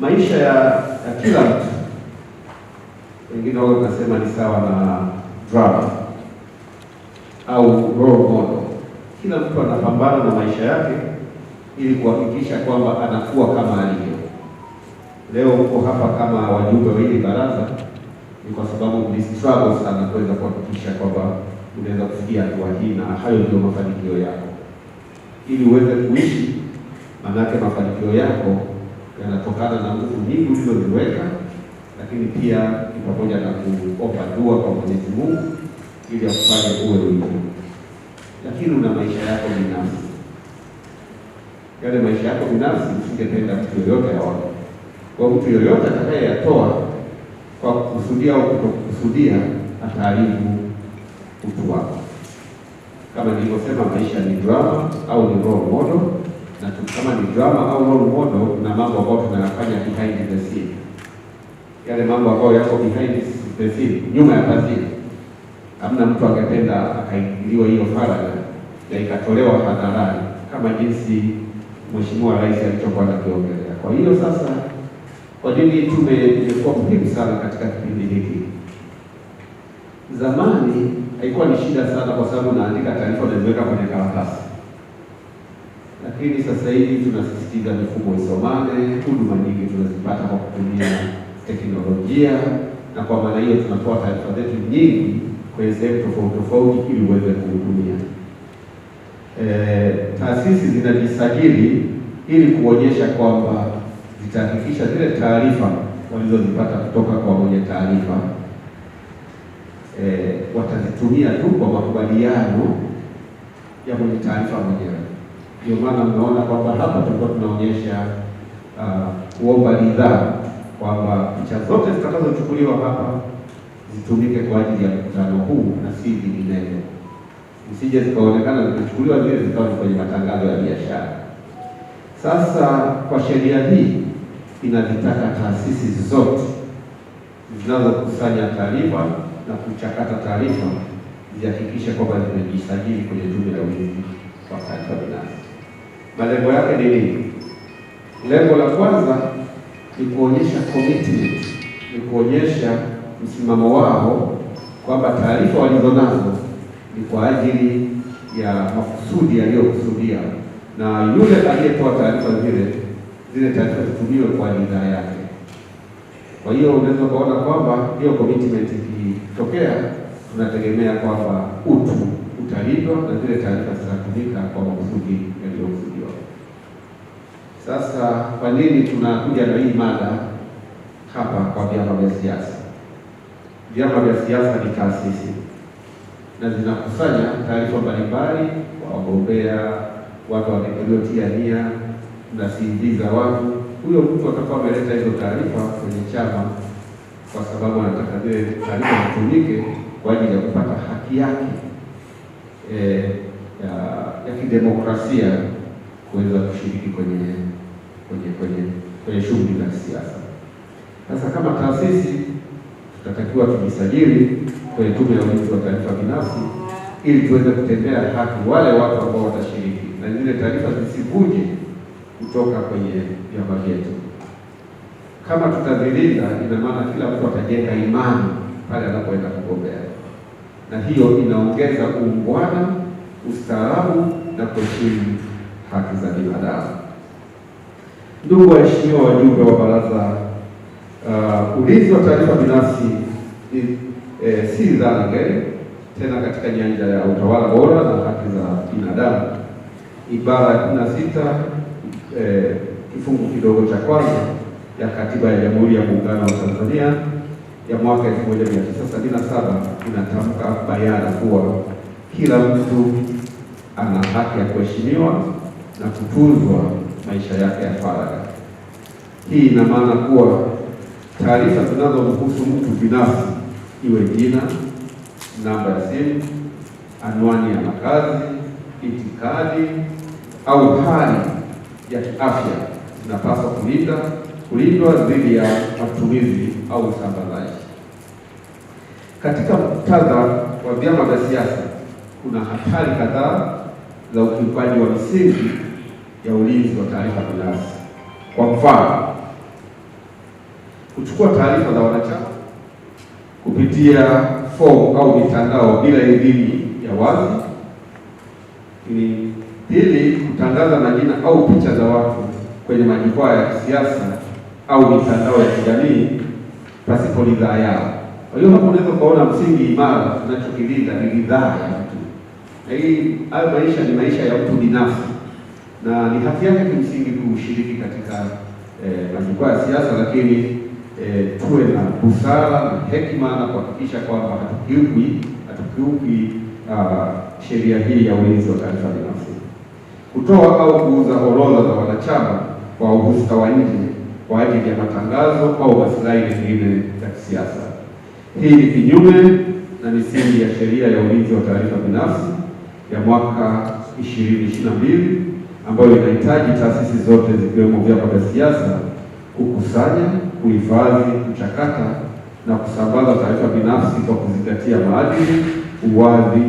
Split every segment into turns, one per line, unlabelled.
maisha ya, ya kila mtu, wengine wao unasema ni sawa na drama au role model. Kila mtu anapambana na maisha yake ili kuhakikisha kwamba anakuwa kama alivyo leo. Uko hapa kama wajumbe wa hili baraza ni kwa sababu struggle sana kuweza kuhakikisha kwamba unaweza kufikia hatua hii, na hayo ndio mafanikio yako, ili uweze kuishi, maanake mafanikio yako yanatokana na nguvu nyingi ulizoziweka, lakini pia ni pamoja na kuomba dua kwa Mwenyezi Mungu ili akufanye uwe ulipo, lakini una maisha yako binafsi. Yale maisha yako binafsi usingependa mtu yoyote aone, kwa mtu yoyote atakayeyatoa kwa kukusudia au kutokukusudia ataharibu utu wako. Kama nilivyosema, maisha ni drama au ni role model kama ni drama au role model na mambo ambayo tunayafanya behind the scene, yale mambo ambayo yako behind the scene, nyuma ya pazia. Hamna mtu angependa akaingiliwa hiyo faragha na ikatolewa hadharani kama jinsi Mheshimiwa Rais alichokuwa anakiongelea. Kwa hiyo sasa, kwa nini tume imekuwa muhimu sana katika kipindi hiki? Zamani haikuwa ni shida sana, kwa sababu naandika taarifa naziweka kwenye karatasi lakini sasa hivi tunasisitiza mifumo isomane, huduma nyingi tunazipata kwa kutumia teknolojia, na kwa maana hiyo tunatoa taarifa zetu nyingi kwenye sehemu tofauti tofauti ili uweze kuhudumia. E, taasisi zinajisajili ili kuonyesha kwamba zitahakikisha zile taarifa walizozipata kutoka kwa mwenye taarifa e, watazitumia tu kwa makubaliano ya mwenye taarifa mwenyewe. Ndio maana mnaona kwamba hapa tulikuwa tunaonyesha uh, kuomba ridhaa kwamba picha zote zitakazochukuliwa hapa zitumike kwa ajili ya mkutano huu na si vinginevyo, zisije zikaonekana zimechukuliwa zile zikawa kwenye matangazo ya biashara. Sasa kwa sheria hii inazitaka taasisi zote zinazokusanya taarifa na kuchakata taarifa zihakikishe kwamba zimejisajili kwenye Tume ya Ulinzi wa Taarifa Binafsi. Malengo yake ni nini? Lengo la kwanza ni kuonyesha commitment, ni kuonyesha msimamo wao kwamba taarifa walizonazo ni kwa ajili ya makusudi yaliyokusudia, na yule aliyetoa taarifa zile zile taarifa zitumiwe kwa ridhaa yake. Kwa hiyo unaweza ukaona kwamba hiyo commitment ikitokea, tunategemea kwamba utu utalindwa na zile taarifa zitatumika kwa makusudi lililokuja. Sasa kwa nini tunakuja na hii mada hapa kwa vyama vya siasa? Vyama vya siasa ni taasisi na zinakusanya taarifa mbalimbali kwa wagombea, watu waliotia nia, za watu. Huyo mtu atakuwa ameleta hizo taarifa kwenye chama kwa sababu anataka zile taarifa zitumike kwa ajili ya kupata haki yake e, ya ya kidemokrasia kuweza kushiriki kwenye kwenye kwenye kwenye shughuli za kisiasa. Sasa kama taasisi tutatakiwa tujisajili kwenye Tume ya Ulinzi wa Taarifa Binafsi ili tuweze kutendea haki wale watu ambao watashiriki na zile taarifa zisivuje kutoka kwenye vyama vyetu. Kama tutazilinda, ina maana kila mtu atajenga imani pale anapoenda kugombea, na hiyo inaongeza uungwana ustaarabu na kuheshimu haki za binadamu. Ndugu waheshimiwa wajumbe wa baraza, uh, ulinzi wa taarifa binafsi eh, si dhana gani tena katika nyanja ya utawala bora na haki za binadamu. Ibara ya kumi na sita eh, kifungu kidogo cha kwanza ya Katiba ya Jamhuri ya Muungano wa Tanzania ya mwaka 1977 inatamka bayana kuwa kila mtu ana haki ya kuheshimiwa na kutunzwa maisha yake ya faragha. Hii ina maana kuwa taarifa zinazomhusu mtu binafsi, iwe jina, namba ya simu, anwani ya makazi, itikadi au hali ya kiafya, zinapaswa kulinda kulindwa dhidi ya matumizi au usambazaji. Katika muktadha wa vyama vya siasa, kuna hatari kadhaa za ukiukaji wa misingi ya ulinzi wa taarifa binafsi, kwa mfano kuchukua taarifa za wanachama kupitia fomu au mitandao bila idhini ya wazi. Pili, kutangaza majina au picha za watu kwenye majukwaa ya kisiasa au mitandao ya kijamii pasipo ridhaa yao. Kwa hiyo hapo unaweza ukaona msingi imara tunachokilinda ni ridhaa ya mtu hii hayo maisha ni maisha ya mtu binafsi, na ni haki yake kimsingi kushiriki katika eh, ya siasa, lakini eh, tuwe na busara na hekima na kuhakikisha kwamba hatukiuki hatukiuki uh, sheria hii ya ulinzi wa taarifa binafsi. Kutoa au kuuza orodha za wanachama kwa uhusika wa nje kwa ajili ya matangazo au maslahi mengine ya kisiasa, hii ni kinyume na misingi ya sheria ya ulinzi wa taarifa binafsi ya mwaka 2022 ambayo inahitaji taasisi zote zikiwemo vyama vya siasa kukusanya, kuhifadhi, kuchakata na kusambaza taarifa binafsi kwa kuzingatia maadili, uwazi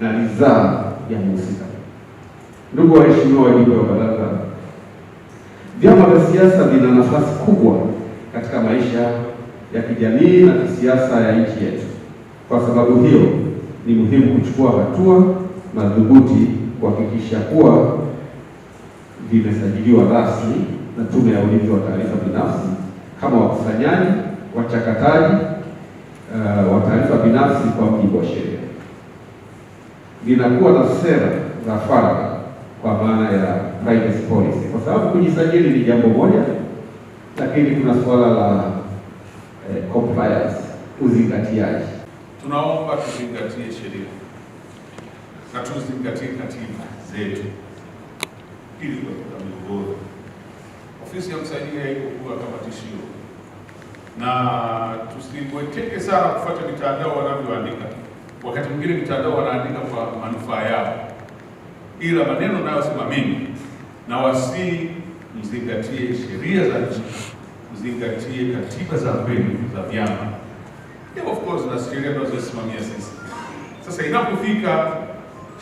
na ridhaa ya mhusika. Ndugu waheshimiwa wajumbe wa baraza, vyama vya siasa vina nafasi kubwa katika maisha ya kijamii na kisiasa ya nchi yetu. Kwa sababu hiyo, ni muhimu kuchukua hatua madhubuti kuhakikisha kuwa vimesajiliwa rasmi na Tume ya Ulinzi wa Taarifa Binafsi kama wakusanyaji, wachakataji uh, wa taarifa binafsi kwa mujibu wa sheria. linakuwa na sera za faragha kwa maana ya privacy policy, kwa sababu kujisajili ni jambo moja, lakini kuna suala la eh, compliance, uzingatiaji.
Tunaomba tuzingatie sheria na tuzingatie katiba zetu ili kuepuka migogoro. Ofisi ya msajili haikukuwa kama tishio, na tusiweteke sana kufuata mitandao wanavyoandika. Wakati mwingine mitandao wanaandika kwa manufaa yao, ila maneno nayosema mimi na wasii, mzingatie sheria za nchi, mzingatie katiba za kwenu za vyama, of course na sheria tunazosimamia sisi. Sasa inapofika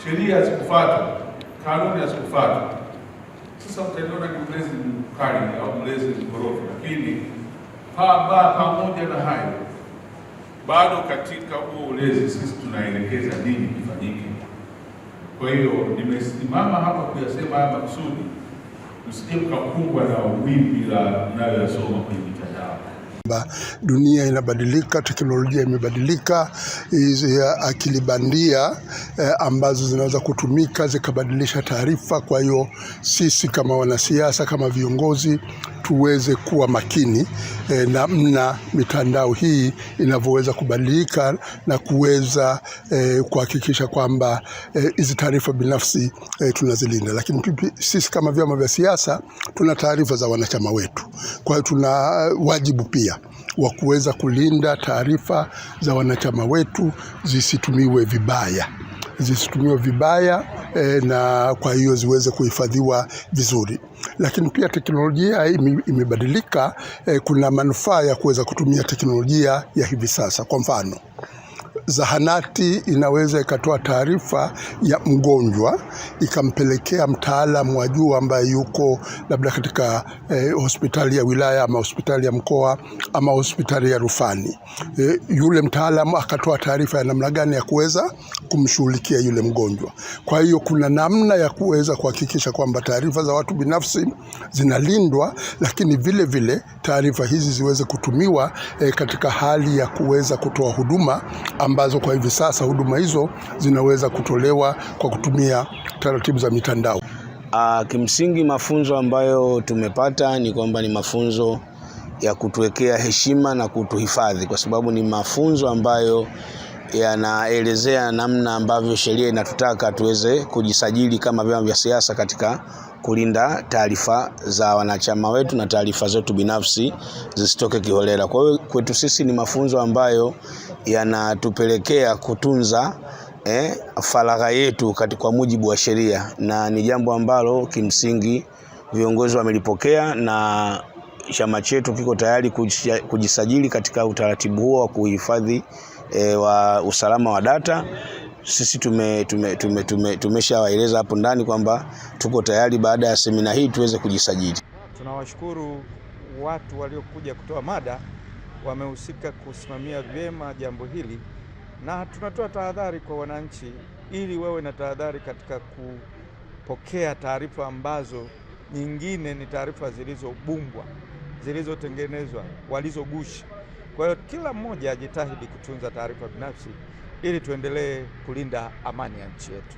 sheria hazikufuatwa, kanuni hazikufuatwa. Sasa utaniona ni mlezi mkali au mlezi mkorofi, lakini paba pamoja na hayo bado katika huo ulezi sisi tunaelekeza nini kifanyike. Kwa hiyo nimesimama hapa kuyasema haya makusudi, msije mkakumbwa na wimbi la mnayoyasoma kwenye
dunia inabadilika, teknolojia imebadilika, hizi eh, akili bandia eh, ambazo zinaweza kutumika zikabadilisha taarifa. Kwa hiyo sisi kama wanasiasa, kama viongozi tuweze kuwa makini eh, namna mitandao hii inavyoweza kubadilika na kuweza eh, kuhakikisha kwamba eh, hizi eh, taarifa binafsi eh, tunazilinda. Lakini pipi, sisi kama vyama vya siasa tuna taarifa za wanachama wetu, kwa hiyo tuna eh, wajibu pia wa kuweza kulinda taarifa za wanachama wetu zisitumiwe vibaya zisitumiwe vibaya e, na kwa hiyo ziweze kuhifadhiwa vizuri. Lakini pia teknolojia imebadilika e, kuna manufaa ya kuweza kutumia teknolojia ya hivi sasa. Kwa mfano zahanati inaweza ikatoa taarifa ya mgonjwa ikampelekea mtaalamu wa juu ambaye yuko labda katika eh, hospitali ya wilaya ama hospitali ya mkoa ama hospitali ya rufani eh, yule mtaalamu akatoa taarifa ya namna gani ya kuweza kumshughulikia yule mgonjwa. Kwa hiyo kuna namna ya kuweza kuhakikisha kwamba taarifa za watu binafsi zinalindwa, lakini vile vile taarifa hizi ziweze kutumiwa e, katika hali ya kuweza kutoa huduma ambazo kwa hivi sasa huduma hizo zinaweza kutolewa kwa kutumia taratibu za mitandao.
Uh, kimsingi mafunzo ambayo tumepata ni kwamba ni mafunzo ya kutuwekea heshima na kutuhifadhi, kwa sababu ni mafunzo ambayo yanaelezea namna ambavyo sheria inatutaka tuweze kujisajili kama vyama vya siasa katika kulinda taarifa za wanachama wetu na taarifa zetu binafsi zisitoke kiholela. Kwa hiyo kwetu sisi ni mafunzo ambayo yanatupelekea kutunza eh, faragha yetu kwa mujibu wa sheria, na ni jambo ambalo kimsingi viongozi wamelipokea na chama chetu kiko tayari kujisajili katika utaratibu huo wa kuhifadhi e, wa usalama wa data. Sisi tume, tume, tume, tume, tumeshawaeleza hapo ndani kwamba tuko tayari baada ya semina hii tuweze kujisajili.
Tunawashukuru watu waliokuja kutoa mada, wamehusika kusimamia vyema jambo hili, na tunatoa tahadhari kwa wananchi ili wawe na tahadhari katika kupokea taarifa ambazo nyingine ni taarifa zilizobumbwa, zilizotengenezwa, walizogusha kwa hiyo kila mmoja ajitahidi kutunza taarifa binafsi ili tuendelee kulinda amani ya nchi yetu.